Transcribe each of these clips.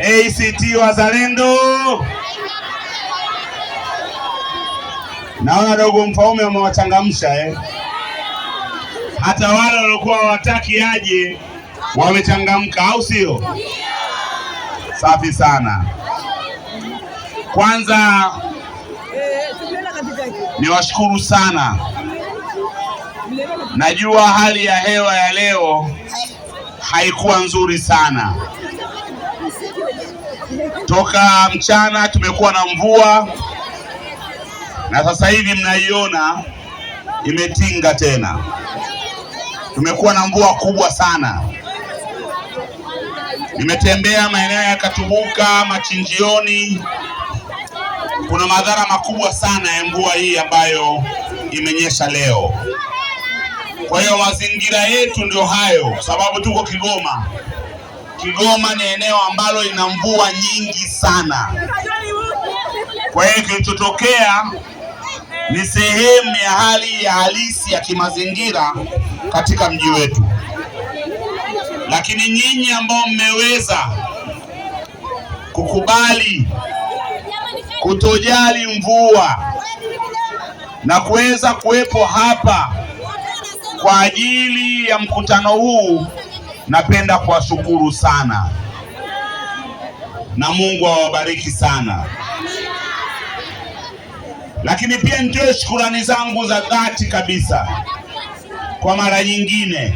ACT Wazalendo. Naona dogo Mfaume wamewachangamsha eh. Hata wale waliokuwa hawataki aje wamechangamka, au sio? Safi sana. Kwanza niwashukuru sana. Najua hali ya hewa ya leo haikuwa nzuri sana. Toka mchana tumekuwa na mvua na sasa hivi mnaiona imetinga tena. Tumekuwa na mvua kubwa sana. Nimetembea maeneo ya Katubuka, Machinjioni. Kuna madhara makubwa sana ya mvua hii ambayo imenyesha leo. Kwa hiyo mazingira yetu ndio hayo, sababu tuko Kigoma. Kigoma ni eneo ambalo ina mvua nyingi sana. Kwa hiyo kilichotokea ni sehemu ya hali ya halisi ya kimazingira katika mji wetu, lakini nyinyi ambao mmeweza kukubali kutojali mvua na kuweza kuwepo hapa kwa ajili ya mkutano huu Napenda kuwashukuru sana na Mungu awabariki sana, lakini pia nitoe shukurani zangu za dhati kabisa kwa mara nyingine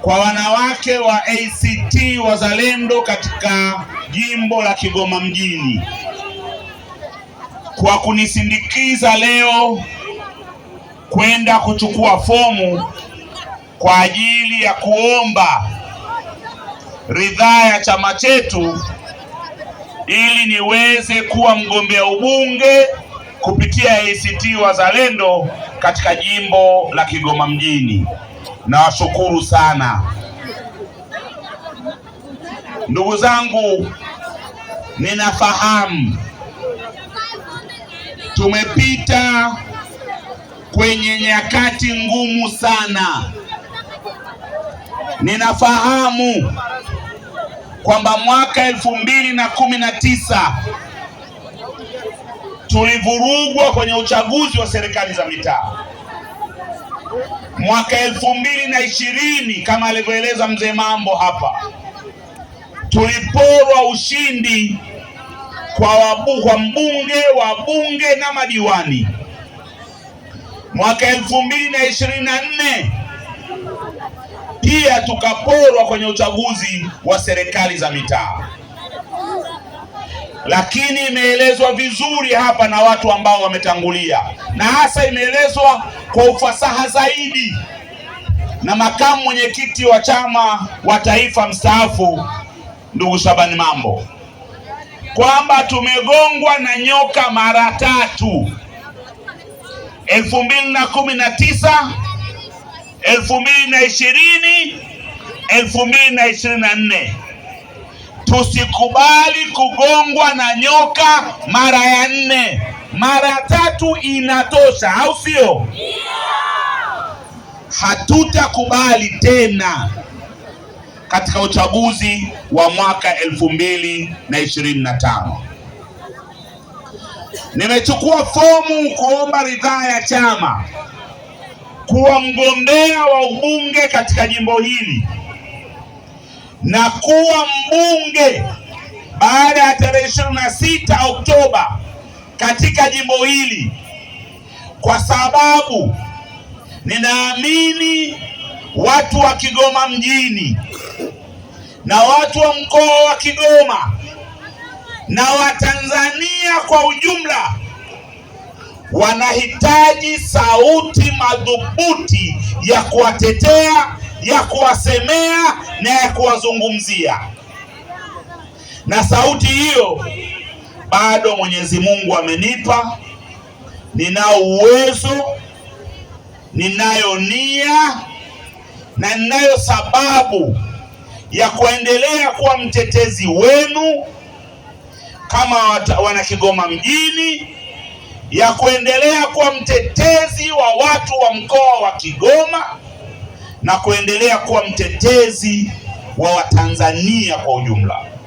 kwa wanawake wa ACT Wazalendo katika jimbo la Kigoma mjini kwa kunisindikiza leo kwenda kuchukua fomu kwa ajili ya kuomba ridhaa ya chama chetu ili niweze kuwa mgombea ubunge kupitia ACT Wazalendo katika jimbo la Kigoma mjini. Nawashukuru sana ndugu zangu, ninafahamu tumepita kwenye nyakati ngumu sana Ninafahamu kwamba mwaka elfu mbili na kumi na tisa tulivurugwa kwenye uchaguzi wa serikali za mitaa. Mwaka elfu mbili na ishirini kama alivyoeleza mzee Mambo hapa, tuliporwa ushindi kwa wabu, kwa mbunge bunge na madiwani. Mwaka elfu mbili na ishirini na nne pia tukaporwa kwenye uchaguzi wa serikali za mitaa. Lakini imeelezwa vizuri hapa na watu ambao wametangulia, na hasa imeelezwa kwa ufasaha zaidi na makamu mwenyekiti wa chama wa taifa mstaafu ndugu Shabani Mambo kwamba tumegongwa na nyoka mara tatu elfu mbili na kumi na tisa elfu mbili na ishirini elfu mbili na ishirini na nne Tusikubali kugongwa na nyoka mara ya nne. Mara ya tatu inatosha, au sio? Hatutakubali tena katika uchaguzi wa mwaka elfu mbili na ishirini na tano. Nimechukua fomu kuomba ridhaa ya chama kuwa mgombea wa ubunge katika jimbo hili na kuwa mbunge baada ya tarehe sita Oktoba katika jimbo hili, kwa sababu ninaamini watu wa Kigoma mjini na watu wa mkoa wa Kigoma na Watanzania kwa ujumla wanahitaji sauti madhubuti ya kuwatetea, ya kuwasemea na ya kuwazungumzia, na sauti hiyo bado Mwenyezi Mungu amenipa. Ninao uwezo, ninayo nia na ninayo sababu ya kuendelea kuwa mtetezi wenu kama wana Kigoma mjini ya kuendelea kuwa mtetezi wa watu wa mkoa wa Kigoma na kuendelea kuwa mtetezi wa Watanzania kwa ujumla.